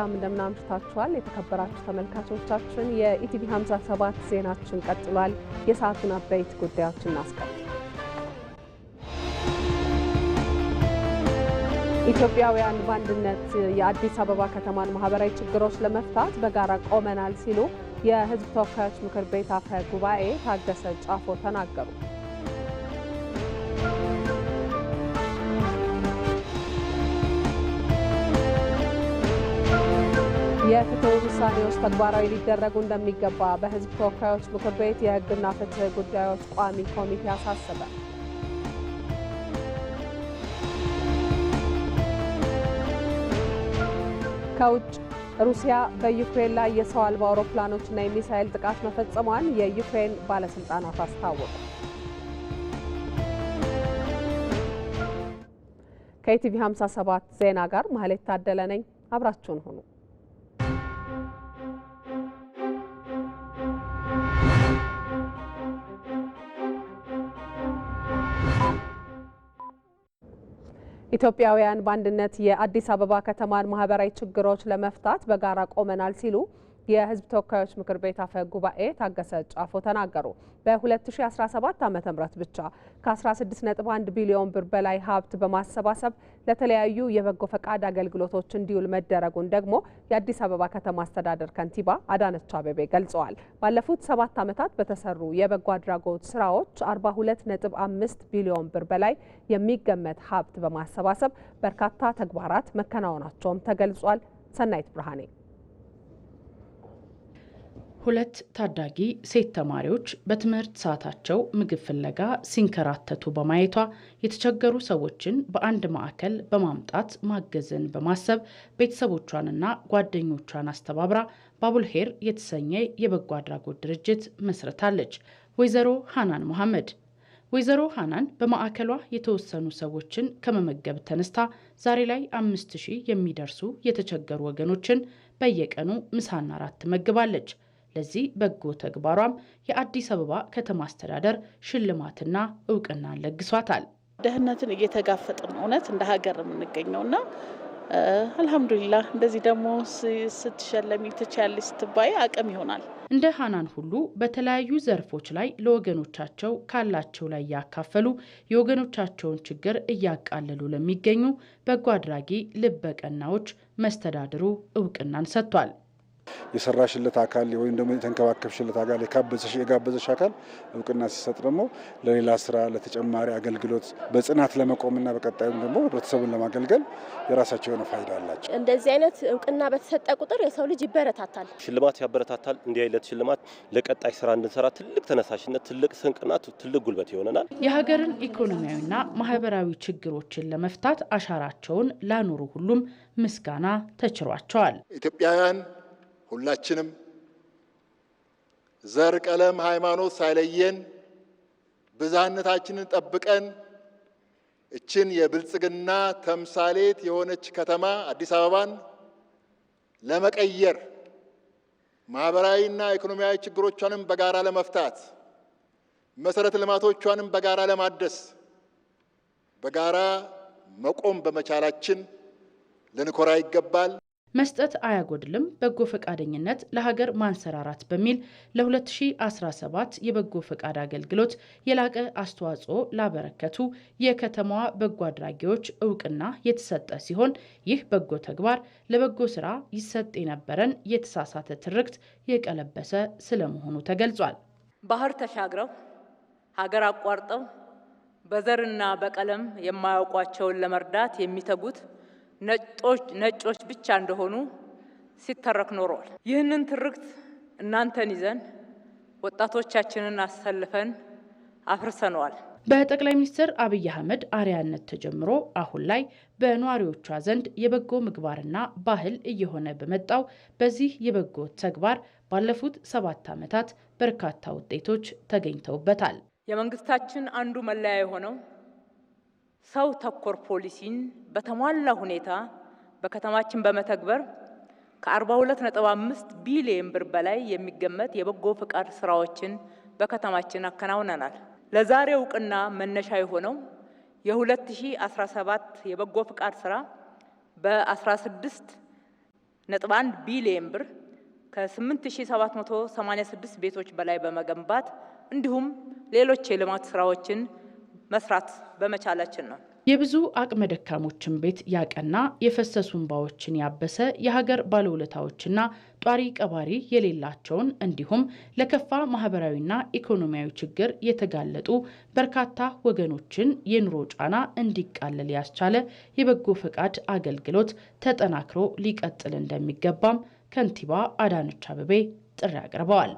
ሰላም አምሽታችኋል የተከበራችሁ ተመልካቾቻችን፣ የኢቲቪ 57 ዜናችን ቀጥሏል። የሰዓቱን አበይት ጉዳዮች እናስቀድም። ኢትዮጵያውያን በአንድነት የአዲስ አበባ ከተማን ማህበራዊ ችግሮች ለመፍታት በጋራ ቆመናል ሲሉ የህዝብ ተወካዮች ምክር ቤት አፈ ጉባኤ ታገሰ ጫፎ ተናገሩ። የፍትህ ውሳኔዎች ተግባራዊ ሊደረጉ እንደሚገባ በሕዝብ ተወካዮች ምክር ቤት የሕግና ፍትህ ጉዳዮች ቋሚ ኮሚቴ አሳሰበ። ከውጭ ሩሲያ በዩክሬን ላይ የሰው አልባ አውሮፕላኖችና የሚሳኤል ጥቃት መፈጸሟን የዩክሬን ባለስልጣናት አስታወቁ። ከኢቲቪ 57 ዜና ጋር ማህሌት ታደለ ነኝ። አብራችሁን ሁኑ። ኢትዮጵያውያን በአንድነት የአዲስ አበባ ከተማን ማህበራዊ ችግሮች ለመፍታት በጋራ ቆመናል ሲሉ የህዝብ ተወካዮች ምክር ቤት አፈ ጉባኤ ታገሰ ጫፎ ተናገሩ። በ2017 ም ብቻ ከ16.1 ቢሊዮን ብር በላይ ሀብት በማሰባሰብ ለተለያዩ የበጎ ፈቃድ አገልግሎቶች እንዲውል መደረጉን ደግሞ የአዲስ አበባ ከተማ አስተዳደር ከንቲባ አዳነች አቤቤ ገልጸዋል። ባለፉት ሰባት ዓመታት በተሰሩ የበጎ አድራጎት ስራዎች 42.5 ቢሊዮን ብር በላይ የሚገመት ሀብት በማሰባሰብ በርካታ ተግባራት መከናወናቸውም ተገልጿል። ሰናይት ብርሃኔ ሁለት ታዳጊ ሴት ተማሪዎች በትምህርት ሰዓታቸው ምግብ ፍለጋ ሲንከራተቱ በማየቷ የተቸገሩ ሰዎችን በአንድ ማዕከል በማምጣት ማገዝን በማሰብ ቤተሰቦቿንና ጓደኞቿን አስተባብራ ባቡልሄር የተሰኘ የበጎ አድራጎት ድርጅት መስረታለች። ወይዘሮ ሃናን መሐመድ ወይዘሮ ሃናን በማዕከሏ የተወሰኑ ሰዎችን ከመመገብ ተነስታ ዛሬ ላይ አምስት ሺህ የሚደርሱ የተቸገሩ ወገኖችን በየቀኑ ምሳና አራት ትመግባለች። ለዚህ በጎ ተግባሯም የአዲስ አበባ ከተማ አስተዳደር ሽልማትና እውቅና ለግሷታል። ድህነትን እየተጋፈጥን እውነት እንደ ሀገር የምንገኘውና አልሐምዱሊላ እንደዚህ ደግሞ ስትሸለሚ ትችያለሽ ስትባይ አቅም ይሆናል። እንደ ሀናን ሁሉ በተለያዩ ዘርፎች ላይ ለወገኖቻቸው ካላቸው ላይ እያካፈሉ የወገኖቻቸውን ችግር እያቃለሉ ለሚገኙ በጎ አድራጊ ልበቀናዎች መስተዳድሩ እውቅናን ሰጥቷል። የሰራሽለት አካል ወይም ደግሞ የተንከባከብሽለት አካል የጋበዘሽ አካል እውቅና ሲሰጥ ደግሞ ለሌላ ስራ ለተጨማሪ አገልግሎት በጽናት ለመቆምና በቀጣዩም ደግሞ ህብረተሰቡን ለማገልገል የራሳቸው የሆነ ፋይዳ አላቸው። እንደዚህ አይነት እውቅና በተሰጠ ቁጥር የሰው ልጅ ይበረታታል፣ ሽልማት ያበረታታል። እንዲህ አይነት ሽልማት ለቀጣይ ስራ እንድንሰራ ትልቅ ተነሳሽነት፣ ትልቅ ስንቅና ትልቅ ጉልበት ይሆነናል። የሀገርን ኢኮኖሚያዊና ማህበራዊ ችግሮችን ለመፍታት አሻራቸውን ላኖሩ ሁሉም ምስጋና ተችሯቸዋል። ኢትዮጵያውያን ሁላችንም ዘር፣ ቀለም፣ ሃይማኖት ሳይለየን ብዝሃነታችንን ጠብቀን እችን የብልጽግና ተምሳሌት የሆነች ከተማ አዲስ አበባን ለመቀየር ማህበራዊና ኢኮኖሚያዊ ችግሮቿንም በጋራ ለመፍታት መሰረተ ልማቶቿንም በጋራ ለማደስ በጋራ መቆም በመቻላችን ልንኮራ ይገባል። መስጠት አያጎድልም በጎ ፈቃደኝነት ለሀገር ማንሰራራት በሚል ለ2017 የበጎ ፈቃድ አገልግሎት የላቀ አስተዋጽኦ ላበረከቱ የከተማዋ በጎ አድራጊዎች እውቅና የተሰጠ ሲሆን ይህ በጎ ተግባር ለበጎ ስራ ይሰጥ የነበረን የተሳሳተ ትርክት የቀለበሰ ስለመሆኑ ተገልጿል። ባህር ተሻግረው ሀገር አቋርጠው በዘርና በቀለም የማያውቋቸውን ለመርዳት የሚተጉት ነጮች ብቻ እንደሆኑ ሲተረክ ኖረዋል። ይህንን ትርክት እናንተን ይዘን ወጣቶቻችንን አሰልፈን አፍርሰነዋል። በጠቅላይ ሚኒስትር አብይ አህመድ አርያነት ተጀምሮ አሁን ላይ በነዋሪዎቿ ዘንድ የበጎ ምግባርና ባህል እየሆነ በመጣው በዚህ የበጎ ተግባር ባለፉት ሰባት ዓመታት በርካታ ውጤቶች ተገኝተውበታል። የመንግስታችን አንዱ መለያ የሆነው ሰው ተኮር ፖሊሲን በተሟላ ሁኔታ በከተማችን በመተግበር ከ42.5 ቢሊዮን ብር በላይ የሚገመት የበጎ ፍቃድ ስራዎችን በከተማችን አከናውነናል። ለዛሬ እውቅና መነሻ የሆነው የ2017 የበጎ ፍቃድ ስራ በ16.1 ቢሊዮን ብር ከ8786 ቤቶች በላይ በመገንባት እንዲሁም ሌሎች የልማት ስራዎችን መስራት በመቻላችን ነው። የብዙ አቅመ ደካሞችን ቤት ያቀና የፈሰሱ እንባዎችን ያበሰ የሀገር ባለውለታዎችና ጧሪ ቀባሪ የሌላቸውን እንዲሁም ለከፋ ማህበራዊና ኢኮኖሚያዊ ችግር የተጋለጡ በርካታ ወገኖችን የኑሮ ጫና እንዲቃለል ያስቻለ የበጎ ፈቃድ አገልግሎት ተጠናክሮ ሊቀጥል እንደሚገባም ከንቲባ አዳነች አበቤ ጥሪ አቅርበዋል።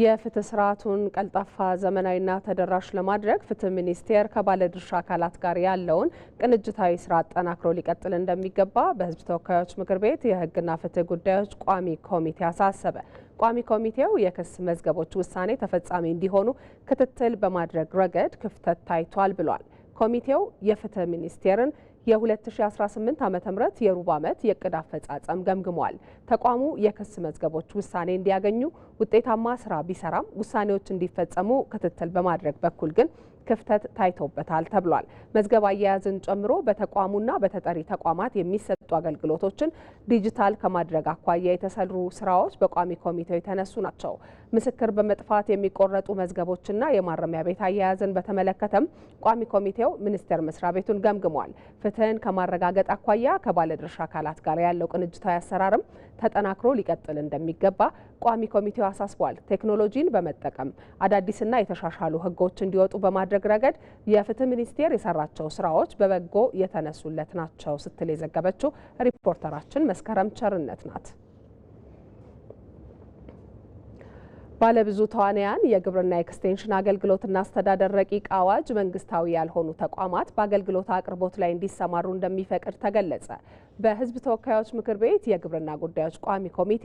የፍትህ ስርዓቱን ቀልጣፋ ዘመናዊና ተደራሽ ለማድረግ ፍትህ ሚኒስቴር ከባለድርሻ አካላት ጋር ያለውን ቅንጅታዊ ስራ አጠናክሮ ሊቀጥል እንደሚገባ በህዝብ ተወካዮች ምክር ቤት የህግና ፍትህ ጉዳዮች ቋሚ ኮሚቴ አሳሰበ። ቋሚ ኮሚቴው የክስ መዝገቦች ውሳኔ ተፈጻሚ እንዲሆኑ ክትትል በማድረግ ረገድ ክፍተት ታይቷል ብሏል። ኮሚቴው የፍትህ ሚኒስቴርን የ2018 ዓ.ም የሩብ ዓመት የእቅድ አፈጻጸም ገምግሟል። ተቋሙ የክስ መዝገቦች ውሳኔ እንዲያገኙ ውጤታማ ስራ ቢሰራም ውሳኔዎች እንዲፈጸሙ ክትትል በማድረግ በኩል ግን ክፍተት ታይቶበታል ተብሏል። መዝገብ አያያዝን ጨምሮ በተቋሙና በተጠሪ ተቋማት የሚሰጡ አገልግሎቶችን ዲጂታል ከማድረግ አኳያ የተሰሩ ስራዎች በቋሚ ኮሚቴው የተነሱ ናቸው። ምስክር በመጥፋት የሚቆረጡ መዝገቦችና የማረሚያ ቤት አያያዝን በተመለከተም ቋሚ ኮሚቴው ሚኒስቴር መስሪያ ቤቱን ገምግሟል። ፍትህን ከማረጋገጥ አኳያ ከባለድርሻ አካላት ጋር ያለው ቅንጅታዊ አሰራርም ተጠናክሮ ሊቀጥል እንደሚገባ ቋሚ ኮሚቴው አሳስቧል። ቴክኖሎጂን በመጠቀም አዳዲስና የተሻሻሉ ህጎች እንዲወጡ በማድረግ በማድረግ ረገድ የፍትህ ሚኒስቴር የሰራቸው ስራዎች በበጎ የተነሱለት ናቸው ስትል የዘገበችው ሪፖርተራችን መስከረም ቸርነት ናት። ባለብዙ ተዋንያን የግብርና ኤክስቴንሽን አገልግሎትና አስተዳደር ረቂቅ አዋጅ መንግስታዊ ያልሆኑ ተቋማት በአገልግሎት አቅርቦት ላይ እንዲሰማሩ እንደሚፈቅድ ተገለጸ። በህዝብ ተወካዮች ምክር ቤት የግብርና ጉዳዮች ቋሚ ኮሚቴ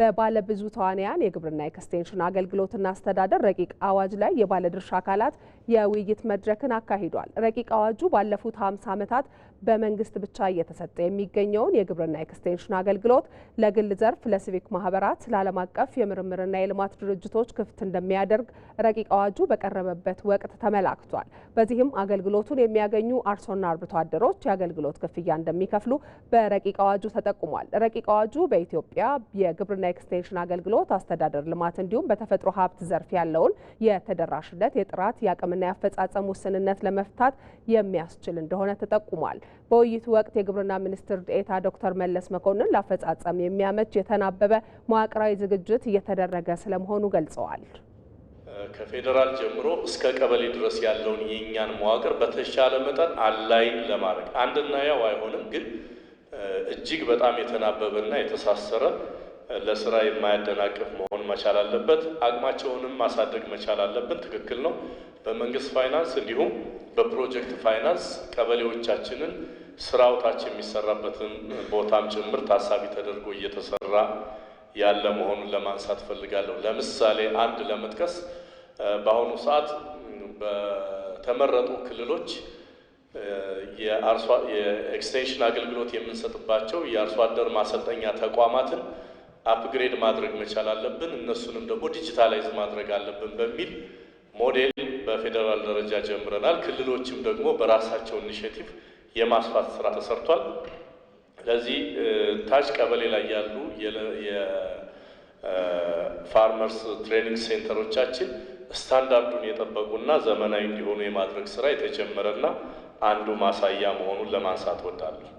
በባለብዙ ተዋንያን የግብርና ኤክስቴንሽን አገልግሎትና አስተዳደር ረቂቅ አዋጅ ላይ የባለድርሻ አካላት የውይይት መድረክን አካሂዷል። ረቂቅ አዋጁ ባለፉት 50 ዓመታት በመንግስት ብቻ እየተሰጠ የሚገኘውን የግብርና ኤክስቴንሽን አገልግሎት ለግል ዘርፍ፣ ለሲቪክ ማህበራት፣ ለዓለም አቀፍ የምርምርና የልማት ድርጅቶች ክፍት እንደሚያደርግ ረቂቅ አዋጁ በቀረበበት ወቅት ተመላክቷል። በዚህም አገልግሎቱን የሚያገኙ አርሶና አርብቶ አደሮች የአገልግሎት ክፍያ እንደሚከፍሉ በረቂቅ አዋጁ ተጠቁሟል። ረቂቅ አዋጁ በኢትዮጵያ የግብርና ኤክስቴንሽን አገልግሎት፣ አስተዳደር ልማት እንዲሁም በተፈጥሮ ሀብት ዘርፍ ያለውን የተደራሽነት፣ የጥራት፣ የአቅምና የአፈጻጸም ውስንነት ለመፍታት የሚያስችል እንደሆነ ተጠቁሟል። በውይይቱ ወቅት የግብርና ሚኒስትር ዴኤታ ዶክተር መለስ መኮንን ለአፈጻጸም የሚያመች የተናበበ መዋቅራዊ ዝግጅት እየተደረገ ስለመሆኑ ገልጸዋል። ከፌዴራል ጀምሮ እስከ ቀበሌ ድረስ ያለውን የእኛን መዋቅር በተሻለ መጠን አላይን ለማድረግ አንድና ያው አይሆንም፣ ግን እጅግ በጣም የተናበበና የተሳሰረ ለስራ የማያደናቅፍ መሆን መቻል አለበት። አቅማቸውንም ማሳደግ መቻል አለብን። ትክክል ነው። በመንግስት ፋይናንስ እንዲሁም በፕሮጀክት ፋይናንስ ቀበሌዎቻችንን ስራውታች የሚሰራበትን ቦታም ጭምር ታሳቢ ተደርጎ እየተሰራ ያለ መሆኑን ለማንሳት ፈልጋለሁ። ለምሳሌ አንድ ለመጥቀስ በአሁኑ ሰዓት በተመረጡ ክልሎች የኤክስቴንሽን አገልግሎት የምንሰጥባቸው የአርሶ አደር ማሰልጠኛ ተቋማትን አፕግሬድ ማድረግ መቻል አለብን፣ እነሱንም ደግሞ ዲጂታላይዝ ማድረግ አለብን በሚል ሞዴል በፌዴራል ደረጃ ጀምረናል። ክልሎችም ደግሞ በራሳቸው ኢኒሽቲቭ የማስፋት ስራ ተሰርቷል። ለዚህ ታች ቀበሌ ላይ ያሉ የፋርመርስ ትሬኒንግ ሴንተሮቻችን ስታንዳርዱን የጠበቁና ዘመናዊ እንዲሆኑ የማድረግ ስራ የተጀመረና አንዱ ማሳያ መሆኑን ለማንሳት ወዳለሁ።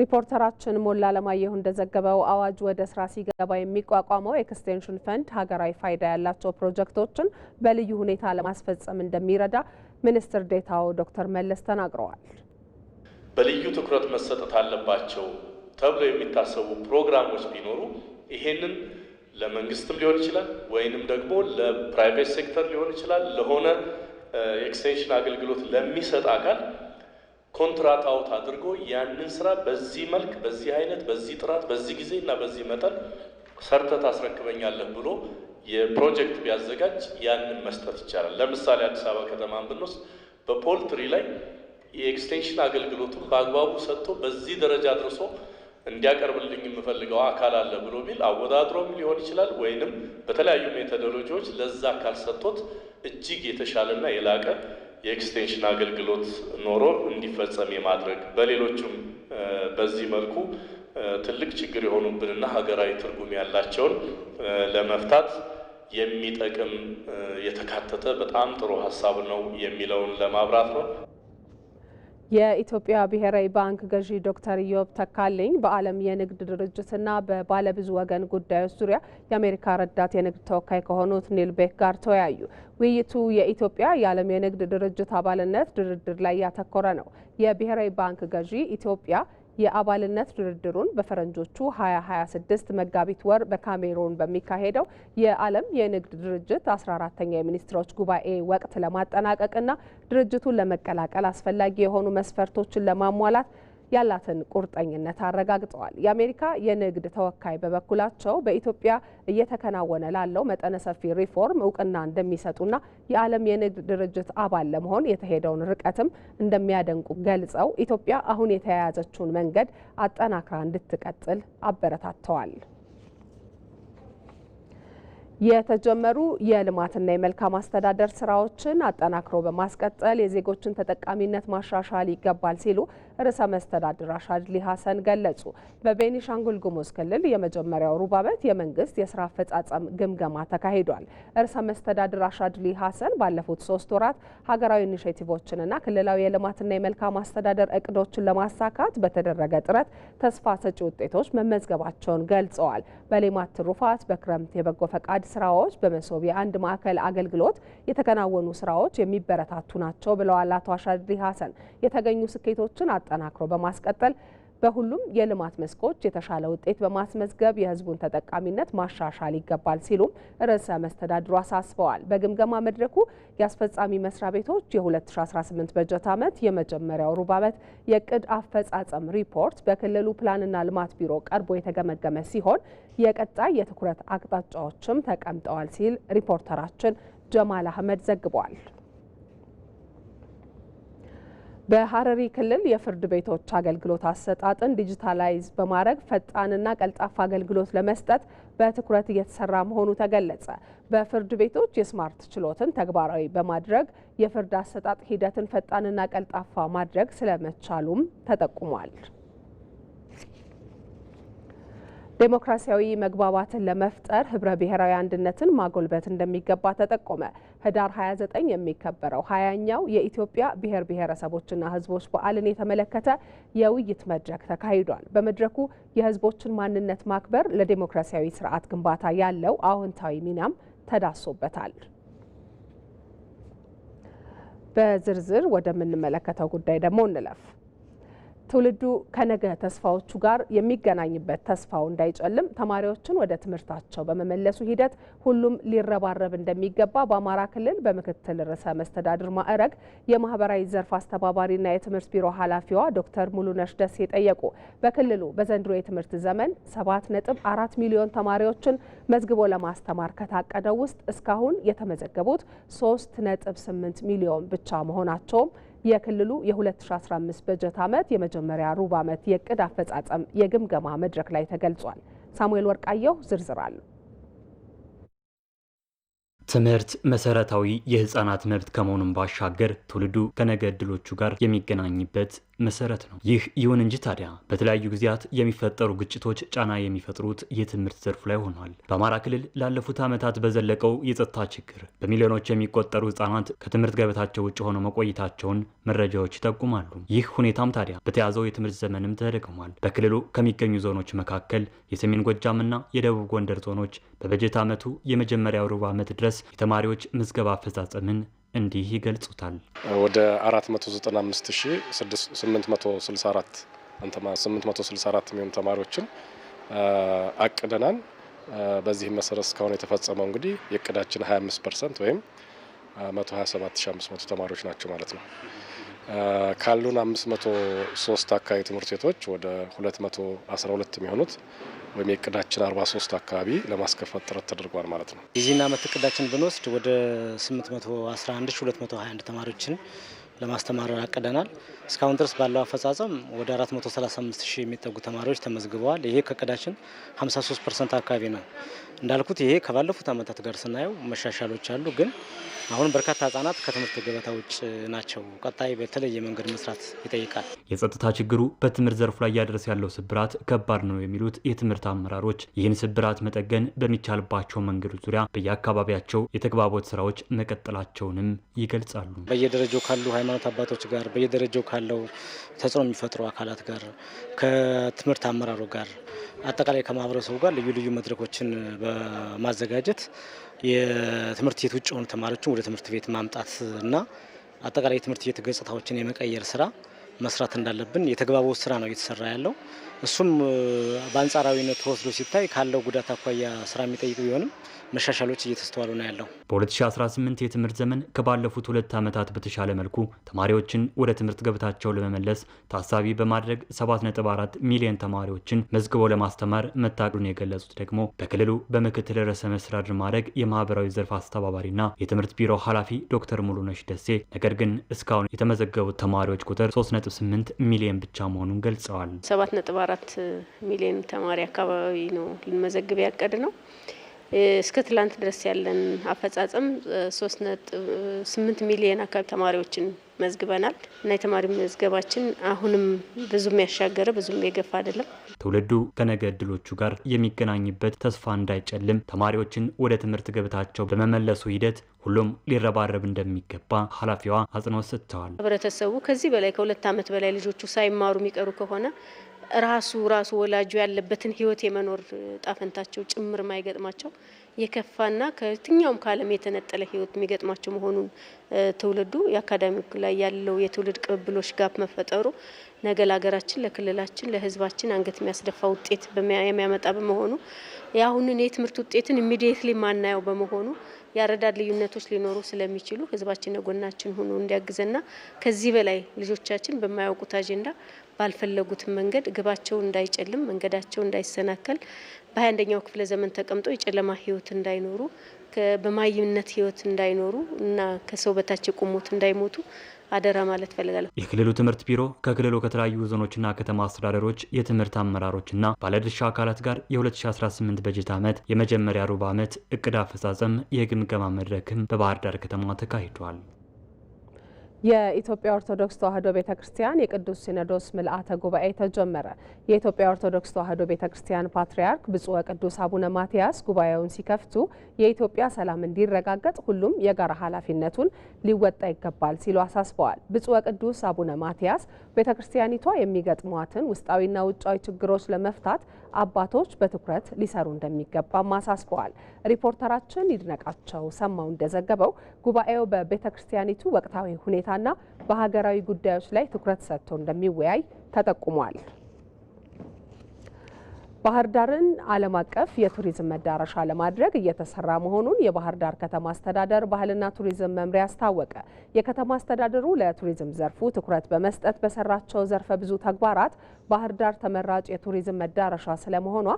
ሪፖርተራችን ሞላ አለማየሁ እንደዘገበው አዋጅ ወደ ስራ ሲገባ የሚቋቋመው ኤክስቴንሽን ፈንድ ሀገራዊ ፋይዳ ያላቸው ፕሮጀክቶችን በልዩ ሁኔታ ለማስፈጸም እንደሚረዳ ሚኒስትር ዴታው ዶክተር መለስ ተናግረዋል። በልዩ ትኩረት መሰጠት አለባቸው ተብሎ የሚታሰቡ ፕሮግራሞች ቢኖሩ ይሄንን ለመንግስትም ሊሆን ይችላል ወይንም ደግሞ ለፕራይቬት ሴክተር ሊሆን ይችላል ለሆነ ኤክስቴንሽን አገልግሎት ለሚሰጥ አካል ኮንትራት አውት አድርጎ ያንን ስራ በዚህ መልክ፣ በዚህ አይነት፣ በዚህ ጥራት፣ በዚህ ጊዜ እና በዚህ መጠን ሰርተ ታስረክበኛለህ ብሎ የፕሮጀክት ቢያዘጋጅ ያንን መስጠት ይቻላል። ለምሳሌ አዲስ አበባ ከተማን ብንወስድ በፖልትሪ ላይ የኤክስቴንሽን አገልግሎቱን በአግባቡ ሰጥቶ በዚህ ደረጃ አድርሶ እንዲያቀርብልኝ የምፈልገው አካል አለ ብሎ ቢል አወዳድሮም ሊሆን ይችላል ወይንም በተለያዩ ሜቶዶሎጂዎች ለዛ አካል ሰጥቶት እጅግ የተሻለና የላቀ የኤክስቴንሽን አገልግሎት ኖሮ እንዲፈጸም የማድረግ በሌሎችም በዚህ መልኩ ትልቅ ችግር የሆኑብንና ሀገራዊ ትርጉም ያላቸውን ለመፍታት የሚጠቅም የተካተተ በጣም ጥሩ ሀሳብ ነው የሚለውን ለማብራት ነው። የኢትዮጵያ ብሔራዊ ባንክ ገዢ ዶክተር ኢዮብ ተካልኝ በዓለም የንግድ ድርጅትና በባለብዙ ወገን ጉዳዮች ዙሪያ የአሜሪካ ረዳት የንግድ ተወካይ ከሆኑት ኒል ቤክ ጋር ተወያዩ። ውይይቱ የኢትዮጵያ የዓለም የንግድ ድርጅት አባልነት ድርድር ላይ ያተኮረ ነው። የብሔራዊ ባንክ ገዢ ኢትዮጵያ የአባልነት ድርድሩን በፈረንጆቹ 2026 መጋቢት ወር በካሜሮን በሚካሄደው የዓለም የንግድ ድርጅት 14ተኛ የሚኒስትሮች ጉባኤ ወቅት ለማጠናቀቅና ድርጅቱን ለመቀላቀል አስፈላጊ የሆኑ መስፈርቶችን ለማሟላት ያላትን ቁርጠኝነት አረጋግጠዋል። የአሜሪካ የንግድ ተወካይ በበኩላቸው በኢትዮጵያ እየተከናወነ ላለው መጠነ ሰፊ ሪፎርም እውቅና እንደሚሰጡና የዓለም የንግድ ድርጅት አባል ለመሆን የተሄደውን ርቀትም እንደሚያደንቁ ገልጸው ኢትዮጵያ አሁን የተያያዘችውን መንገድ አጠናክራ እንድትቀጥል አበረታተዋል። የተጀመሩ የልማትና የመልካም አስተዳደር ስራዎችን አጠናክሮ በማስቀጠል የዜጎችን ተጠቃሚነት ማሻሻል ይገባል ሲሉ ርዕሰ መስተዳድር አሻድሊ ሀሰን ገለጹ። በቤኒሻንጉል ጉሙዝ ክልል የመጀመሪያው ሩብ ዓመት የመንግስት የስራ አፈጻጸም ግምገማ ተካሂዷል። ርዕሰ መስተዳድር አሻድሊ ሀሰን ባለፉት ሶስት ወራት ሀገራዊ ኢኒሼቲቮችንና ክልላዊ የልማትና የመልካም አስተዳደር እቅዶችን ለማሳካት በተደረገ ጥረት ተስፋ ሰጪ ውጤቶች መመዝገባቸውን ገልጸዋል። በሌማት ትሩፋት፣ በክረምት የበጎ ፈቃድ ስራዎች፣ በመሶብ የአንድ ማዕከል አገልግሎት የተከናወኑ ስራዎች የሚበረታቱ ናቸው ብለዋል አቶ አሻድሊ ሀሰን የተገኙ ስኬቶችን አጠናክሮ በማስቀጠል በሁሉም የልማት መስኮች የተሻለ ውጤት በማስመዝገብ የሕዝቡን ተጠቃሚነት ማሻሻል ይገባል ሲሉም ርዕሰ መስተዳድሩ አሳስበዋል። በግምገማ መድረኩ የአስፈጻሚ መስሪያ ቤቶች የ2018 በጀት ዓመት የመጀመሪያው ሩብ ዓመት አፈጻጸም ሪፖርት በክልሉ ፕላንና ልማት ቢሮ ቀርቦ የተገመገመ ሲሆን የቀጣይ የትኩረት አቅጣጫዎችም ተቀምጠዋል ሲል ሪፖርተራችን ጀማል አህመድ ዘግቧል። በሀረሪ ክልል የፍርድ ቤቶች አገልግሎት አሰጣጥን ዲጂታላይዝ በማድረግ ፈጣንና ቀልጣፋ አገልግሎት ለመስጠት በትኩረት እየተሰራ መሆኑ ተገለጸ። በፍርድ ቤቶች የስማርት ችሎትን ተግባራዊ በማድረግ የፍርድ አሰጣጥ ሂደትን ፈጣንና ቀልጣፋ ማድረግ ስለመቻሉም ተጠቁሟል። ዴሞክራሲያዊ መግባባትን ለመፍጠር ህብረ ብሔራዊ አንድነትን ማጎልበት እንደሚገባ ተጠቆመ። ህዳር 29 የሚከበረው ሀያኛው የኢትዮጵያ ብሔር ብሔረሰቦችና ህዝቦች በዓልን የተመለከተ የውይይት መድረክ ተካሂዷል። በመድረኩ የህዝቦችን ማንነት ማክበር ለዴሞክራሲያዊ ስርዓት ግንባታ ያለው አዎንታዊ ሚናም ተዳሶበታል። በዝርዝር ወደምንመለከተው ጉዳይ ደግሞ እንለፍ። ትውልዱ ከነገ ተስፋዎቹ ጋር የሚገናኝበት ተስፋው እንዳይጨልም ተማሪዎችን ወደ ትምህርታቸው በመመለሱ ሂደት ሁሉም ሊረባረብ እንደሚገባ በአማራ ክልል በምክትል ርዕሰ መስተዳድር ማዕረግ የማህበራዊ ዘርፍ አስተባባሪና የትምህርት ቢሮ ኃላፊዋ ዶክተር ሙሉነሽ ደሴ ጠየቁ። በክልሉ በዘንድሮ የትምህርት ዘመን 7.4 ሚሊዮን ተማሪዎችን መዝግቦ ለማስተማር ከታቀደው ውስጥ እስካሁን የተመዘገቡት 3.8 ሚሊዮን ብቻ መሆናቸውም የክልሉ የ2015 በጀት ዓመት የመጀመሪያ ሩብ ዓመት የእቅድ አፈጻጸም የግምገማ መድረክ ላይ ተገልጿል። ሳሙኤል ወርቃየሁ ዝርዝር አለው። ትምህርት መሰረታዊ የህፃናት መብት ከመሆኑን ባሻገር ትውልዱ ከነገ እድሎቹ ጋር የሚገናኝበት መሰረት ነው። ይህ ይሁን እንጂ ታዲያ በተለያዩ ጊዜያት የሚፈጠሩ ግጭቶች ጫና የሚፈጥሩት የትምህርት ዘርፍ ላይ ሆኗል። በአማራ ክልል ላለፉት ዓመታት በዘለቀው የጸጥታ ችግር በሚሊዮኖች የሚቆጠሩ ህጻናት ከትምህርት ገበታቸው ውጭ ሆነው መቆየታቸውን መረጃዎች ይጠቁማሉ። ይህ ሁኔታም ታዲያ በተያዘው የትምህርት ዘመንም ተደግሟል። በክልሉ ከሚገኙ ዞኖች መካከል የሰሜን ጎጃምና የደቡብ ጎንደር ዞኖች በበጀት ዓመቱ የመጀመሪያው ሩብ ዓመት ድረስ የተማሪዎች ምዝገባ አፈጻጸምን እንዲህ ይገልጹታል። ወደ 495864 864 የሚሆኑ ተማሪዎችን አቅደናል። በዚህም መሰረት እስካሁን የተፈጸመው እንግዲህ የእቅዳችን 25 ፐርሰንት ወይም 127500 ተማሪዎች ናቸው ማለት ነው። ካሉን 503 አካባቢ ትምህርት ቤቶች ወደ 212 የሚሆኑት ወይም የእቅዳችን 43 አካባቢ ለማስከፈት ጥረት ተደርጓል ማለት ነው። የዚህን ዓመት እቅዳችን ብንወስድ ወደ 811221 ተማሪዎችን ለማስተማር አቅደናል። እስካሁን ድረስ ባለው አፈጻጸም ወደ 435 ሺህ የሚጠጉ ተማሪዎች ተመዝግበዋል። ይሄ ከቅዳችን 53 ፐርሰንት አካባቢ ነው። እንዳልኩት ይሄ ከባለፉት ዓመታት ጋር ስናየው መሻሻሎች አሉ። ግን አሁን በርካታ ህጻናት ከትምህርት ገበታ ውጭ ናቸው። ቀጣይ በተለየ መንገድ መስራት ይጠይቃል። የጸጥታ ችግሩ በትምህርት ዘርፉ ላይ እያደረሰ ያለው ስብራት ከባድ ነው የሚሉት የትምህርት አመራሮች ይህን ስብራት መጠገን በሚቻልባቸው መንገዶች ዙሪያ በየአካባቢያቸው የተግባቦት ስራዎች መቀጠላቸውንም ይገልጻሉ። በየደረጃው ካሉ ከሃይማኖት አባቶች ጋር በየደረጃው ካለው ተጽዕኖ የሚፈጥሩ አካላት ጋር ከትምህርት አመራሩ ጋር አጠቃላይ ከማህበረሰቡ ጋር ልዩ ልዩ መድረኮችን በማዘጋጀት የትምህርት ቤት ውጭ የሆኑ ተማሪዎችን ወደ ትምህርት ቤት ማምጣት እና አጠቃላይ የትምህርት ቤት ገጽታዎችን የመቀየር ስራ መስራት እንዳለብን የተግባቦት ስራ ነው እየተሰራ ያለው። እሱም በአንጻራዊነት ተወስዶ ሲታይ ካለው ጉዳት አኳያ ስራ የሚጠይቅ ቢሆንም መሻሻሎች እየተስተዋሉ ነው ያለው። በ2018 የትምህርት ዘመን ከባለፉት ሁለት ዓመታት በተሻለ መልኩ ተማሪዎችን ወደ ትምህርት ገበታቸው ለመመለስ ታሳቢ በማድረግ 7.4 ሚሊዮን ተማሪዎችን መዝግበው ለማስተማር መታቀዱን የገለጹት ደግሞ በክልሉ በምክትል ርዕሰ መስተዳድር ማድረግ የማህበራዊ ዘርፍ አስተባባሪና የትምህርት ቢሮ ኃላፊ ዶክተር ሙሉነሽ ደሴ፣ ነገር ግን እስካሁን የተመዘገቡት ተማሪዎች ቁጥር 3.8 ሚሊዮን ብቻ መሆኑን ገልጸዋል። 7.4 ሚሊዮን ተማሪ አካባቢ ነው ልንመዘግብ ያቀድ ነው። እስከ ትላንት ድረስ ያለን አፈጻጸም ሶስት ነጥብ ስምንት ሚሊየን አካባቢ ተማሪዎችን መዝግበናል እና የተማሪ መዝገባችን አሁንም ብዙም ያሻገረ ብዙም የገፋ አይደለም። ትውልዱ ከነገ እድሎቹ ጋር የሚገናኝበት ተስፋ እንዳይጨልም ተማሪዎችን ወደ ትምህርት ገበታቸው በመመለሱ ሂደት ሁሉም ሊረባረብ እንደሚገባ ኃላፊዋ አጽንኦት ሰጥተዋል። ህብረተሰቡ ከዚህ በላይ ከሁለት ዓመት በላይ ልጆቹ ሳይማሩ የሚቀሩ ከሆነ ራሱ ራሱ ወላጁ ያለበትን ህይወት የመኖር ጣፈንታቸው ጭምር ማይገጥማቸው የከፋና ከየትኛውም ከዓለም የተነጠለ ህይወት የሚገጥማቸው መሆኑን ትውልዱ የአካዳሚክ ላይ ያለው የትውልድ ቅብብሎች ጋፕ መፈጠሩ ነገ ለሀገራችን፣ ለክልላችን፣ ለህዝባችን አንገት የሚያስደፋ ውጤት የሚያመጣ በመሆኑ የአሁንን የትምህርት ውጤትን ኢሚዲየትሊ ማናየው በመሆኑ የአረዳድ ልዩነቶች ሊኖሩ ስለሚችሉ ህዝባችን ጎናችን ሆኖ እንዲያግዘና ከዚህ በላይ ልጆቻችን በማያውቁት አጀንዳ ባልፈለጉት መንገድ ግባቸው እንዳይጨልም መንገዳቸው እንዳይሰናከል በሃያ አንደኛው ክፍለ ዘመን ተቀምጦ የጨለማ ህይወት እንዳይኖሩ በማይምነት ህይወት እንዳይኖሩ እና ከሰው በታች የቆሙት እንዳይሞቱ አደራ ማለት ፈልጋለሁ። የክልሉ ትምህርት ቢሮ ከክልሉ ከተለያዩ ዞኖችና ከተማ አስተዳደሮች የትምህርት አመራሮችና ባለድርሻ አካላት ጋር የ2018 በጀት ዓመት የመጀመሪያ ሩብ ዓመት እቅድ አፈጻጸም የግምገማ መድረክም በባህር ዳር ከተማ ተካሂዷል። የኢትዮጵያ ኦርቶዶክስ ተዋሕዶ ቤተ ክርስቲያን የቅዱስ ሲኖዶስ ምልአተ ጉባኤ ተጀመረ። የኢትዮጵያ ኦርቶዶክስ ተዋሕዶ ቤተ ክርስቲያን ፓትርያርክ ብፁዕ ወቅዱስ አቡነ ማትያስ ጉባኤውን ሲከፍቱ የኢትዮጵያ ሰላም እንዲረጋገጥ ሁሉም የጋራ ኃላፊነቱን ሊወጣ ይገባል ሲሉ አሳስበዋል። ብፁዕ ወቅዱስ አቡነ ማትያስ ቤተ ክርስቲያኒቷ የሚገጥሟትን ውስጣዊና ውጫዊ ችግሮች ለመፍታት አባቶች በትኩረት ሊሰሩ እንደሚገባም አሳስበዋል። ሪፖርተራችን ይድነቃቸው ሰማው እንደዘገበው ጉባኤው በቤተ ክርስቲያኒቱ ወቅታዊ ሁኔታና በሀገራዊ ጉዳዮች ላይ ትኩረት ሰጥቶ እንደሚወያይ ተጠቁሟል። ባህር ዳርን ዓለም አቀፍ የቱሪዝም መዳረሻ ለማድረግ እየተሰራ መሆኑን የባህር ዳር ከተማ አስተዳደር ባህልና ቱሪዝም መምሪያ አስታወቀ። የከተማ አስተዳደሩ ለቱሪዝም ዘርፉ ትኩረት በመስጠት በሰራቸው ዘርፈ ብዙ ተግባራት ባህር ዳር ተመራጭ የቱሪዝም መዳረሻ ስለመሆኗ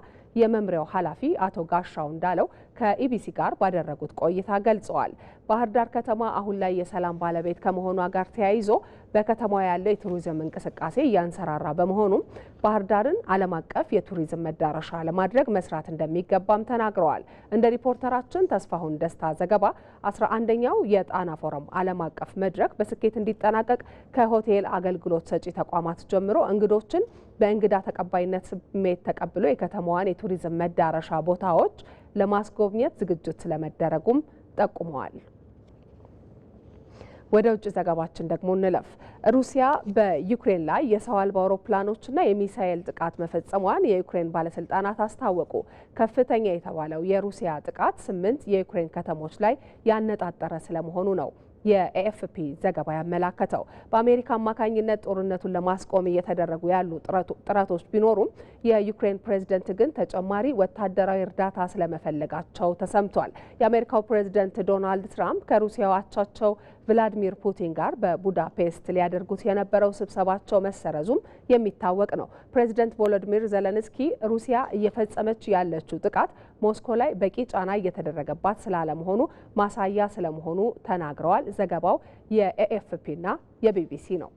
የመምሪያው ኃላፊ አቶ ጋሻው እንዳለው ከኢቢሲ ጋር ባደረጉት ቆይታ ገልጸዋል። ባህር ዳር ከተማ አሁን ላይ የሰላም ባለቤት ከመሆኗ ጋር ተያይዞ በከተማዋ ያለው የቱሪዝም እንቅስቃሴ እያንሰራራ በመሆኑም ባህር ዳርን ዓለም አቀፍ የቱሪዝም መዳረሻ ለማድረግ መስራት እንደሚገባም ተናግረዋል። እንደ ሪፖርተራችን ተስፋሁን ደስታ ዘገባ 11ኛው የጣና ፎረም ዓለም አቀፍ መድረክ በስኬት እንዲጠናቀቅ ከሆቴል አገልግሎት ሰጪ ተቋማት ጀምሮ እንግዶችን በእንግዳ ተቀባይነት ስሜት ተቀብሎ የከተማዋን የቱሪዝም መዳረሻ ቦታዎች ለማስጎብኘት ዝግጅት ስለመደረጉም ጠቁመዋል። ወደ ውጭ ዘገባችን ደግሞ እንለፍ። ሩሲያ በዩክሬን ላይ የሰው አልባ አውሮፕላኖችና የሚሳኤል ጥቃት መፈጸሟን የዩክሬን ባለስልጣናት አስታወቁ። ከፍተኛ የተባለው የሩሲያ ጥቃት ስምንት የዩክሬን ከተሞች ላይ ያነጣጠረ ስለመሆኑ ነው የኤኤፍፒ ዘገባ ያመላከተው። በአሜሪካ አማካኝነት ጦርነቱን ለማስቆም እየተደረጉ ያሉ ጥረቶች ቢኖሩም የዩክሬን ፕሬዝደንት ግን ተጨማሪ ወታደራዊ እርዳታ ስለመፈለጋቸው ተሰምቷል። የአሜሪካው ፕሬዝደንት ዶናልድ ትራምፕ ከሩሲያ አቻቸው ቭላዲሚር ፑቲን ጋር በቡዳፔስት ሊያደርጉት የነበረው ስብሰባቸው መሰረዙም የሚታወቅ ነው። ፕሬዚደንት ቮሎዲሚር ዘለንስኪ ሩሲያ እየፈጸመች ያለችው ጥቃት ሞስኮ ላይ በቂ ጫና እየተደረገባት ስላለመሆኑ ማሳያ ስለመሆኑ ተናግረዋል። ዘገባው የኤኤፍፒ የቢቢሲ ነው።